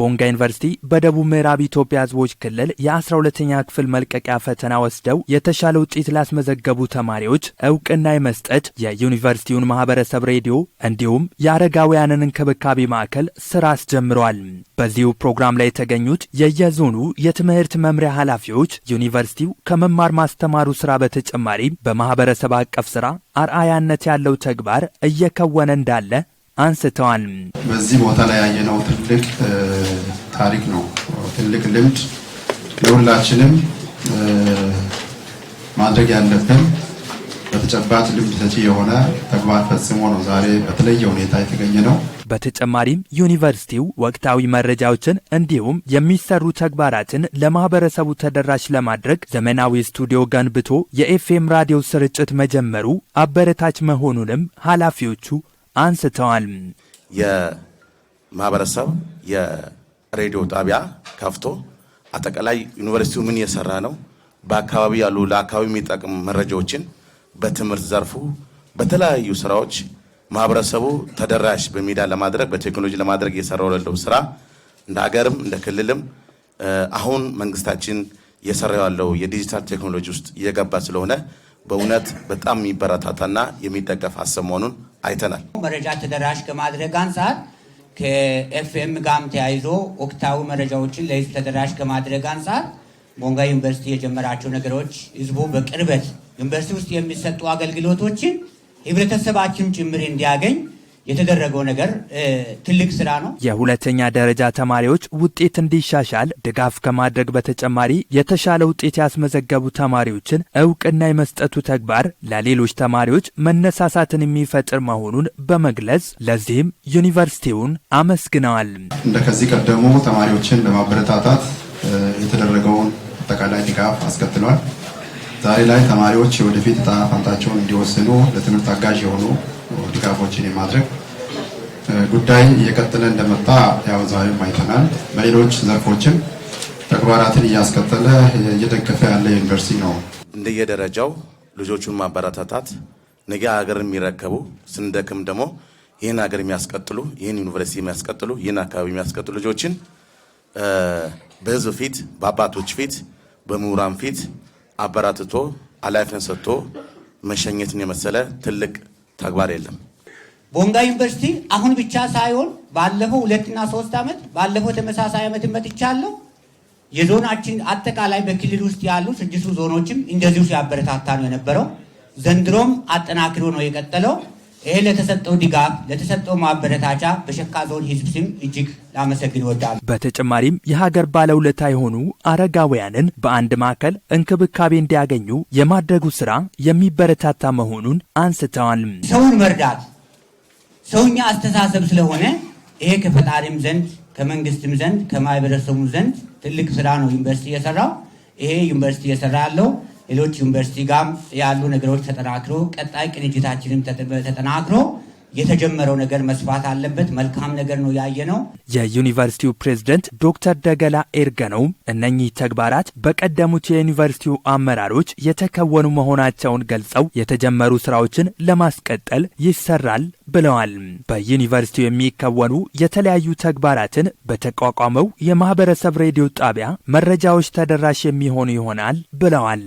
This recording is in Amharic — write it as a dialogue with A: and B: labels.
A: ቦንጋ ዩኒቨርሲቲ በደቡብ ምዕራብ ኢትዮጵያ ህዝቦች ክልል የ12ተኛ ክፍል መልቀቂያ ፈተና ወስደው የተሻለ ውጤት ላስመዘገቡ ተማሪዎች እውቅና የመስጠት የዩኒቨርሲቲውን ማህበረሰብ ሬዲዮ እንዲሁም የአረጋውያንን እንክብካቤ ማዕከል ስራ አስጀምረዋል። በዚሁ ፕሮግራም ላይ የተገኙት የየዞኑ የትምህርት መምሪያ ኃላፊዎች ዩኒቨርሲቲው ከመማር ማስተማሩ ስራ በተጨማሪ በማህበረሰብ አቀፍ ስራ አርአያነት ያለው ተግባር እየከወነ እንዳለ አንስተዋል።
B: በዚህ ቦታ ላይ ያየነው ትልቅ ታሪክ ነው። ትልቅ ልምድ ለሁላችንም ማድረግ ያለብን በተጨባጭ ልምድ ሰጪ የሆነ ተግባር ፈጽሞ ነው ዛሬ በተለየ ሁኔታ የተገኘ ነው።
A: በተጨማሪም ዩኒቨርሲቲው ወቅታዊ መረጃዎችን እንዲሁም የሚሰሩ ተግባራትን ለማህበረሰቡ ተደራሽ ለማድረግ ዘመናዊ ስቱዲዮ ገንብቶ የኤፍኤም ራዲዮ ስርጭት መጀመሩ አበረታች መሆኑንም ኃላፊዎቹ አንስተዋል።
C: የማህበረሰብ የሬዲዮ ጣቢያ ከፍቶ አጠቃላይ ዩኒቨርሲቲው ምን እየሰራ ነው፣ በአካባቢ ያሉ ለአካባቢ የሚጠቅም መረጃዎችን በትምህርት ዘርፉ በተለያዩ ስራዎች ማህበረሰቡ ተደራሽ በሚዲያ ለማድረግ በቴክኖሎጂ ለማድረግ እየሰራው ያለው ስራ እንደ ሀገርም እንደ ክልልም አሁን መንግስታችን እየሰራ ያለው የዲጂታል ቴክኖሎጂ ውስጥ እየገባ ስለሆነ በእውነት በጣም የሚበረታታና የሚደገፍ አሰብ መሆኑን አይተናል።
D: መረጃ ተደራሽ ከማድረግ አንጻር ከኤፍኤም ጋም ተያይዞ ወቅታዊ መረጃዎችን ለህዝብ ተደራሽ ከማድረግ አንጻር ቦንጋ ዩኒቨርሲቲ የጀመራቸው ነገሮች ህዝቡ በቅርበት ዩኒቨርሲቲ ውስጥ የሚሰጡ አገልግሎቶችን ህብረተሰባችን ጭምር እንዲያገኝ የተደረገው ነገር ትልቅ ስራ ነው።
A: የሁለተኛ ደረጃ ተማሪዎች ውጤት እንዲሻሻል ድጋፍ ከማድረግ በተጨማሪ የተሻለ ውጤት ያስመዘገቡ ተማሪዎችን እውቅና የመስጠቱ ተግባር ለሌሎች ተማሪዎች መነሳሳትን የሚፈጥር መሆኑን በመግለጽ ለዚህም ዩኒቨርሲቲውን አመስግነዋል።
B: እንደ ከዚህ ቀደሙ ተማሪዎችን ለማበረታታት የተደረገውን አጠቃላይ ድጋፍ አስከትሏል። ዛሬ ላይ ተማሪዎች የወደፊት ዕጣ ፈንታቸውን እንዲወስኑ ለትምህርት አጋዥ የሆኑ ድጋፎችን የማድረግ ጉዳይ እየቀጠለ እንደመጣ ያው ዛሬም አይተናል። በሌሎች ዘርፎችም ተግባራትን እያስቀጠለ እየደገፈ ያለ ዩኒቨርሲቲ ነው።
C: እንደየደረጃው ልጆቹን ማበረታታት ነገ ሀገር የሚረከቡ ስንደክም ደግሞ ይህን ሀገር የሚያስቀጥሉ ይህን ዩኒቨርሲቲ የሚያስቀጥሉ ይህን አካባቢ የሚያስቀጥሉ ልጆችን በህዝብ ፊት በአባቶች ፊት በምሁራን ፊት አበራትቶ ኃላፊነት ሰጥቶ መሸኘትን የመሰለ ትልቅ ተግባር የለም።
D: ቦንጋ ዩኒቨርሲቲ አሁን ብቻ ሳይሆን ባለፈው ሁለትና ሶስት ዓመት ባለፈው ተመሳሳይ ዓመት መጥቻለሁ። የዞናችን አጠቃላይ በክልል ውስጥ ያሉ ስድስቱ ዞኖችም እንደዚሁ ሲያበረታታ ነው የነበረው። ዘንድሮም አጠናክሮ ነው የቀጠለው። ይህ ለተሰጠው ድጋፍ ለተሰጠው ማበረታቻ በሸካ ዞን ሕዝብ ስም እጅግ ላመሰግን ወዳሉ።
A: በተጨማሪም የሀገር ባለውለታ የሆኑ አረጋውያንን በአንድ ማዕከል እንክብካቤ እንዲያገኙ የማድረጉ ስራ የሚበረታታ መሆኑን አንስተዋል።
D: ሰውን መርዳት ሰውኛ አስተሳሰብ ስለሆነ ይሄ ከፈጣሪም ዘንድ ከመንግስትም ዘንድ ከማህበረሰቡም ዘንድ ትልቅ ስራ ነው ዩኒቨርሲቲ እየሰራው። ይሄ ዩኒቨርሲቲ እየሰራ ያለው ሌሎች ዩኒቨርሲቲ ጋም ያሉ ነገሮች ተጠናክሮ ቀጣይ ቅንጅታችንም ተጠናክሮ የተጀመረው ነገር መስፋት አለበት። መልካም ነገር ነው ያየነው።
A: የዩኒቨርሲቲው ፕሬዝደንት ዶክተር ደገላ ኤርገነው እነኚህ ተግባራት በቀደሙት የዩኒቨርሲቲው አመራሮች የተከወኑ መሆናቸውን ገልጸው የተጀመሩ ስራዎችን ለማስቀጠል ይሰራል ብለዋል። በዩኒቨርሲቲው የሚከወኑ የተለያዩ ተግባራትን በተቋቋመው የማህበረሰብ ሬዲዮ ጣቢያ መረጃዎች ተደራሽ የሚሆኑ ይሆናል ብለዋል።